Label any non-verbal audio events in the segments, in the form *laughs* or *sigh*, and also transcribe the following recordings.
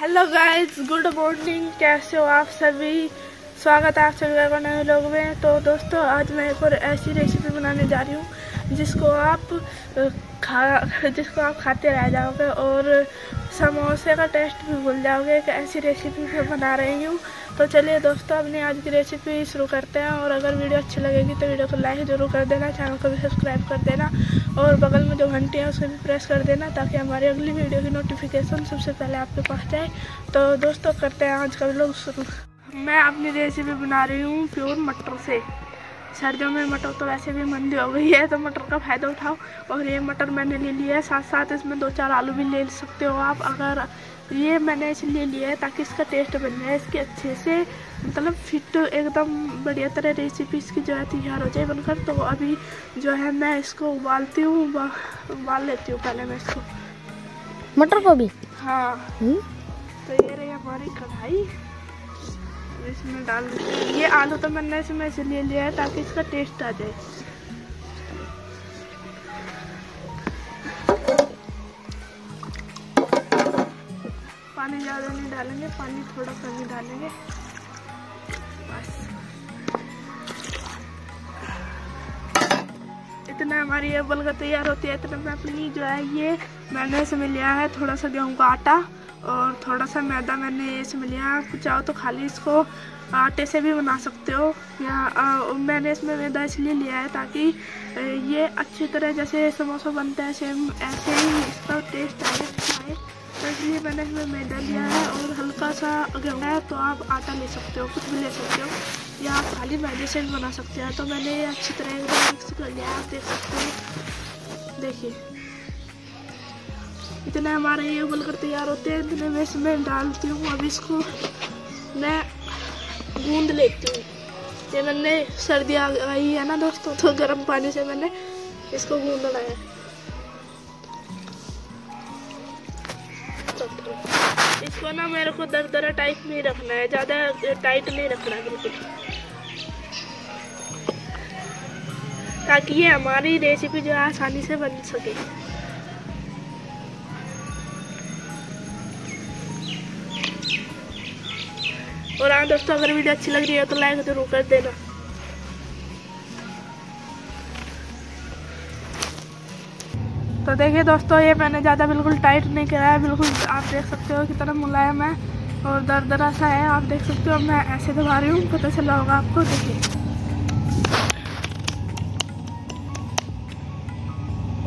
Hello guys good morning कैसे हो आप सभी स्वागत है आप सभी का नए लोग में तो दोस्तों आज मैं एक और ऐसी रेसिपी बनाने जा रही हूँ जिसको आप खा *laughs* जिसको आप खाते रह जाओगे और समोसे का टेस्ट भी भूल जाओगे एक ऐसी रेसिपी मैं बना रही हूँ तो चलिए दोस्तों अपनी आज की रेसिपी शुरू करते हैं और अगर वीडियो अच्छी लगेगी तो वीडियो को लाइक ज़रूर कर देना चैनल को भी सब्सक्राइब कर देना और बगल में जो घंटी है उसे भी प्रेस कर देना ताकि हमारी अगली वीडियो की नोटिफिकेशन सबसे पहले आपके पास जाए तो दोस्तों करते हैं आज कल लोग शुरू मैं अपनी रेसिपी बना रही हूँ प्योर मटर से सर्दियों में मटर तो वैसे भी मंदी हो गई है तो मटर का फ़ायदा उठाओ और ये मटर मैंने ले लिया है साथ साथ इसमें दो चार आलू भी ले सकते हो आप अगर ये मैंने इसलिए लिया है ताकि इसका टेस्ट बन जाए इसके अच्छे से मतलब फिट एकदम बढ़िया तरह रेसिपी इसकी जो है तैयार हो जाए बनकर तो अभी जो है मैं इसको उबालती हूँ उबाल, लेती हूँ पहले मैं इसको मटर को भी हाँ हम्म। तो ये रही हमारी कढ़ाई इसमें डाल ये आलू तो मैंने इसमें इसलिए लिया है ताकि इसका टेस्ट आ जाए पानी ज़्यादा नहीं डालेंगे पानी थोड़ा कम ही डालेंगे बस इतना हमारी ये बलगा तैयार होती है इतना मैं अपनी जो है ये मैंने इसमें लिया है थोड़ा सा गेहूँ का आटा और थोड़ा सा मैदा मैंने इसमें लिया है कुछ चाहो तो खाली इसको आटे से भी बना सकते हो या आ, मैंने इसमें मैदा इसलिए लिया है ताकि ये अच्छी तरह जैसे समोसा बनता है सेम ऐसे ही इसका टेस्ट आए आए इसलिए मैंने इसमें मैदा लिया है और हल्का सा अगर है तो आप आटा ले सकते हो कुछ भी ले सकते हो या आप खाली मैदे से भी बना सकते हैं तो मैंने ये अच्छी तरह बार मिक्स कर लिया आप देख सकते हो देखिए इतने हमारे ये कर तैयार होते हैं इतने मैं इसमें डालती हूँ अब इसको मैं गूंद लेती हूँ ये मैंने सर्दी आ गई है ना दोस्तों तो गर्म पानी से मैंने इसको गूंदना है इसको ना मेरे को दर दरा टाइट नहीं रखना है ज़्यादा टाइट नहीं रखना है बिल्कुल ताकि ये हमारी रेसिपी जो है आसानी से बन सके और हाँ दोस्तों अगर वीडियो अच्छी लग रही है तो लाइक जरूर कर देना तो देखिए दोस्तों ये मैंने ज़्यादा बिल्कुल टाइट नहीं कराया बिल्कुल आप देख सकते हो कितना मुलायम है और दर दरा सा है आप देख सकते हो मैं ऐसे दबा रही हूँ पता चला होगा आपको देखिए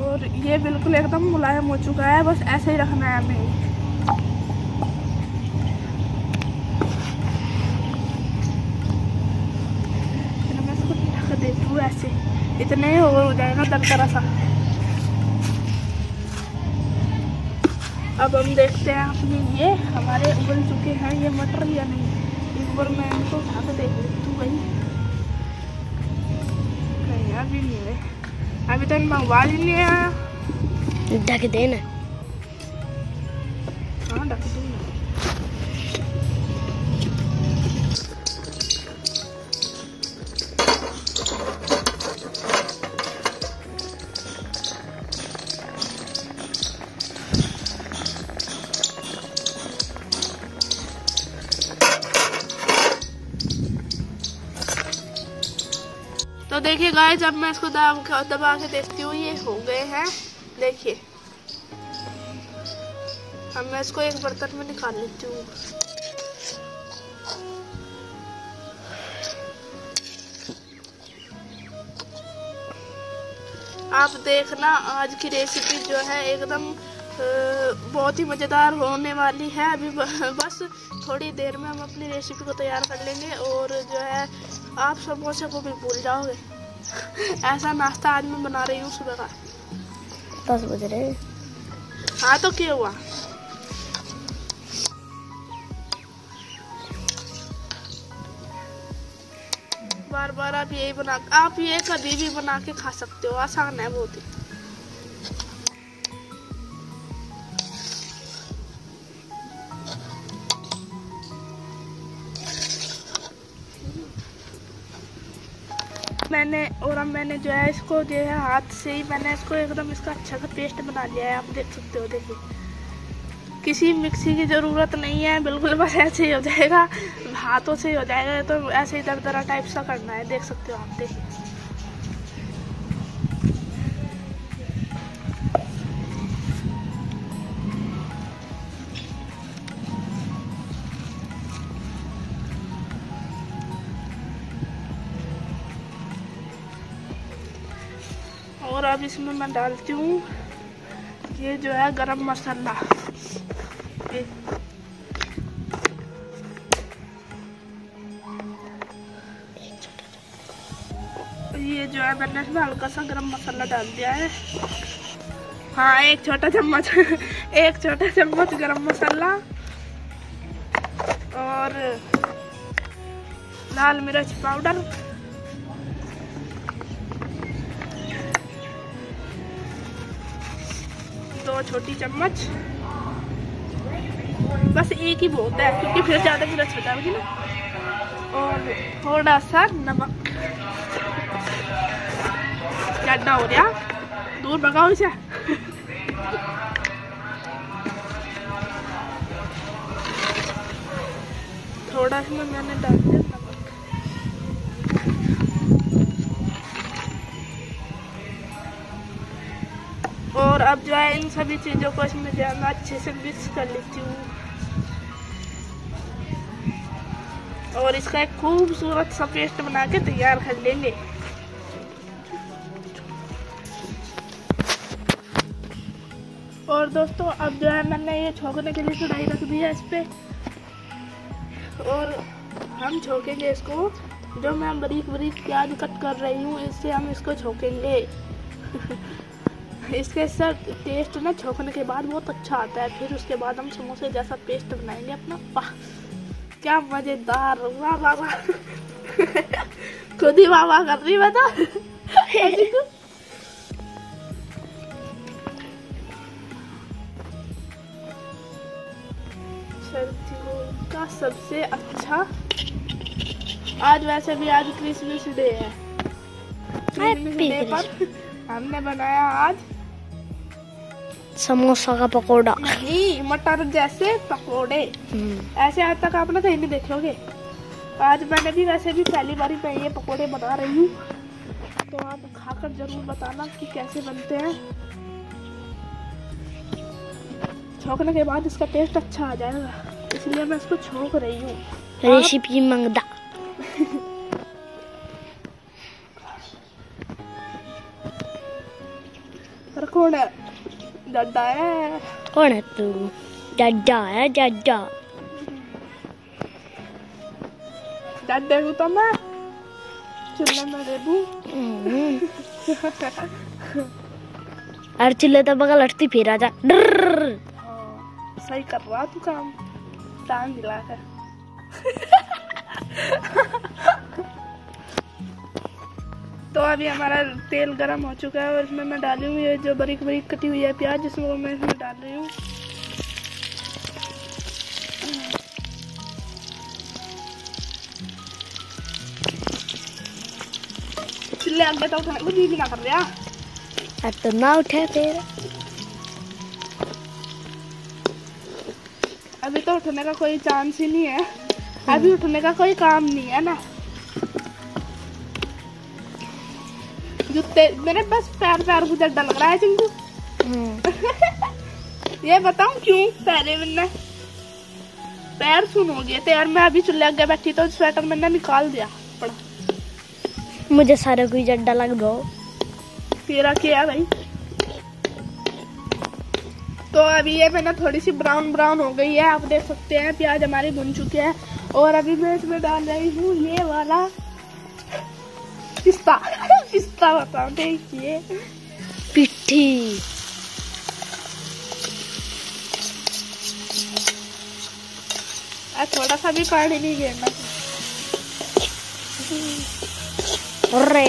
और ये बिल्कुल एकदम मुलायम हो चुका है बस ऐसे ही रखना है अभी ऐसे इतने हो जाएगा दर दरा सा अब हम देखते हैं अपने ये हमारे उबल चुके हैं ये मटर या नहीं एक बार मैं इनको उठा के देख लेती हूँ कहीं अभी नहीं है अभी तक मंगवा ही नहीं है ढक देना हाँ ढक देना तो देखिए गाय जब मैं इसको दबा दबा के देखती हूँ ये हो गए हैं देखिए अब मैं इसको एक बर्तन में निकाल लेती हूँ आप देखना आज की रेसिपी जो है एकदम बहुत ही मज़ेदार होने वाली है अभी बस थोड़ी देर में हम अपनी रेसिपी को तैयार कर लेंगे और जो है आप समोसे को भी भूल जाओगे ऐसा नाश्ता आज मैं बना रही हूँ सुबह का दस बज रहे हाँ तो क्या हुआ बार बार आप यही बना आप ये कभी भी बना के खा सकते हो आसान है बहुत ही और अब मैंने जो है इसको जो है हाथ से ही मैंने इसको एकदम इसका अच्छा सा पेस्ट बना लिया है आप देख सकते हो देखिए किसी मिक्सी की ज़रूरत नहीं है बिल्कुल बस ऐसे ही हो जाएगा हाथों से ही हो जाएगा तो ऐसे ही दर दरा टाइप सा करना है देख सकते हो आप देखिए इसमें मैं डालती हूँ ये जो है गरम मसाला ये ये जो है मैंने इसमें हल्का सा गरम मसाला डाल दिया है हाँ एक छोटा चम्मच एक छोटा चम्मच गरम मसाला और लाल मिर्च पाउडर दो छोटी चम्मच बस एक ही बहुत है क्योंकि फिर ज़्यादा भी अच्छा बताओगी ना और थोड़ा सा नमक ज़्यादा हो गया दूर भगाओ इसे थोड़ा सा मैंने डाल दिया अब जो है इन सभी चीज़ों को इसमें जो है मैं अच्छे से मिक्स कर लेती हूँ और इसका एक खूबसूरत सा पेस्ट बना के तैयार कर लेंगे और दोस्तों अब जो है मैंने ये छोकने के लिए कढ़ाई रख दी है इस पर और हम छोकेंगे इसको जो मैं बरीक बरीक प्याज कट कर रही हूँ इससे हम इसको छोकेंगे *laughs* इसके सर टेस्ट ना छोकने के बाद बहुत अच्छा आता है फिर उसके बाद हम समोसे जैसा पेस्ट बनाएंगे अपना वाह क्या मज़ेदार वाह वाह वाह खुद ही वाह वाह कर रही बता तो। का सबसे अच्छा आज वैसे भी आज क्रिसमस डे है क्रिसमस डे पर हमने बनाया आज समोसा का पकोड़ा नहीं मटर जैसे पकोड़े हम्म। ऐसे आज तक आप ना कहीं नहीं देखोगे आज मैंने भी वैसे भी पहली बार मैं ये पकोड़े बना रही हूँ तो आप खाकर जरूर बताना कि कैसे बनते हैं छोंकने के बाद इसका टेस्ट अच्छा आ जाएगा इसलिए मैं इसको छोंक रही हूँ रेसिपी मंगदा रखो dadah tuh. Eh, dadah ya, dadah. Dadah Cuma ribu. Hmm. Arcil *laughs* itu bakal arti pira aja. Oh, saya kerja kan. *laughs* अभी हमारा तेल गर्म हो चुका है और इसमें मैं डाली हुई है जो बरीक बरीक कटी हुई है प्याज वो मैं इसमें डाल रही हूँ चिल्ले तो उठाने को जी भी ना कर रहा हाँ। अब तो ना उठे फिर अभी तो उठने का कोई चांस ही नहीं है अभी उठने का कोई काम नहीं है ना जूते मेरे बस पैर पैर को चड्डा लग रहा है चिंकू हम्म। ये बताऊ क्यों पहले मैंने पैर सुन हो गए थे यार मैं अभी चूल्हे आगे बैठी तो स्वेटर मैंने निकाल दिया पड़ा मुझे सारे कोई जड्डा लग दो तेरा क्या भाई तो अभी ये मैंने थोड़ी सी ब्राउन ब्राउन हो गई है आप देख सकते हैं प्याज हमारी भुन चुके हैं और अभी मैं इसमें डाल रही हूँ ये वाला पिस्ता किस्सा बताने की पिट्ठी थोड़ा सा भी पानी नहीं गिरना अरे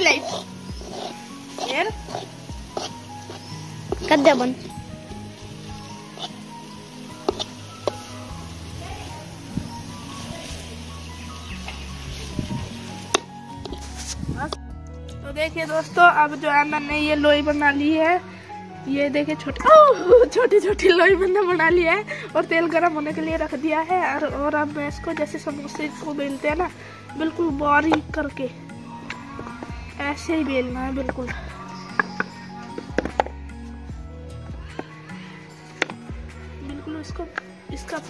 लाइफ यार बन तो देखिए दोस्तों अब जो है मैंने ये लोई बना ली है ये देखिए छोटी छोटी छोटी लोई मैंने बना ली है और तेल गर्म होने के लिए रख दिया है और और अब मैं इसको जैसे समोसे को बेलते हैं ना बिल्कुल बारीक करके ऐसे ही बेलना है बिल्कुल बिल्कुल इसको इसका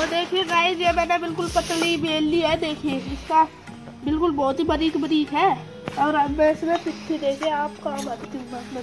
और देखिए गाइस ये मैंने बिल्कुल पतली बेल ली है देखिए इसका बिल्कुल बहुत ही बारीक बारीक है और अब मैं इसमें पिट्ठी देके आप काम आती हूँ मैं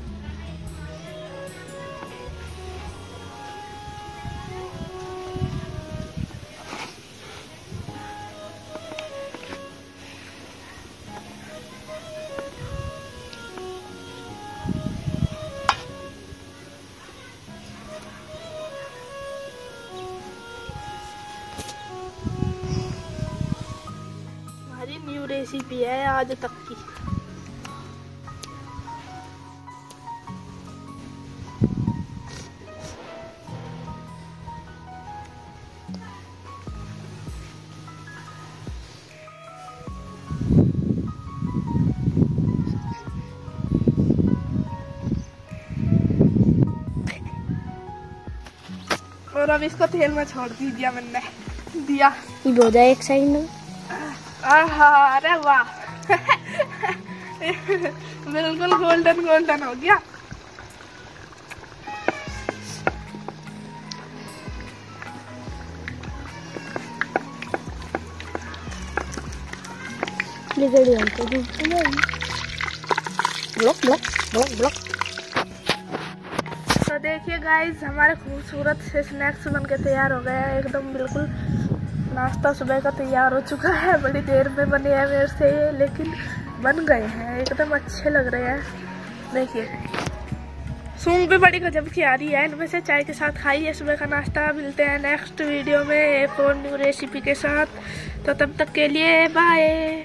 रेसिपी है आज तक की और अब इसको तेल में छोड़ दीजिए मैंने दिया ये हो जाए एक साइड में अरे वाह बिल्कुल गोल्डन गोल्डन हो गया ligger igjen på rumpen. तो देखिए गाइस हमारे खूबसूरत से स्नैक्स बनके तैयार हो गया एकदम बिल्कुल नाश्ता सुबह का तैयार हो चुका है बड़ी देर में बने हैं मेरे से लेकिन बन गए हैं एकदम अच्छे लग रहे हैं देखिए सूंग भी बड़ी गजब की आ रही है इनमें से चाय के साथ खाई है सुबह का नाश्ता मिलते हैं नेक्स्ट वीडियो में एक और न्यू रेसिपी के साथ तो तब तक के लिए बाय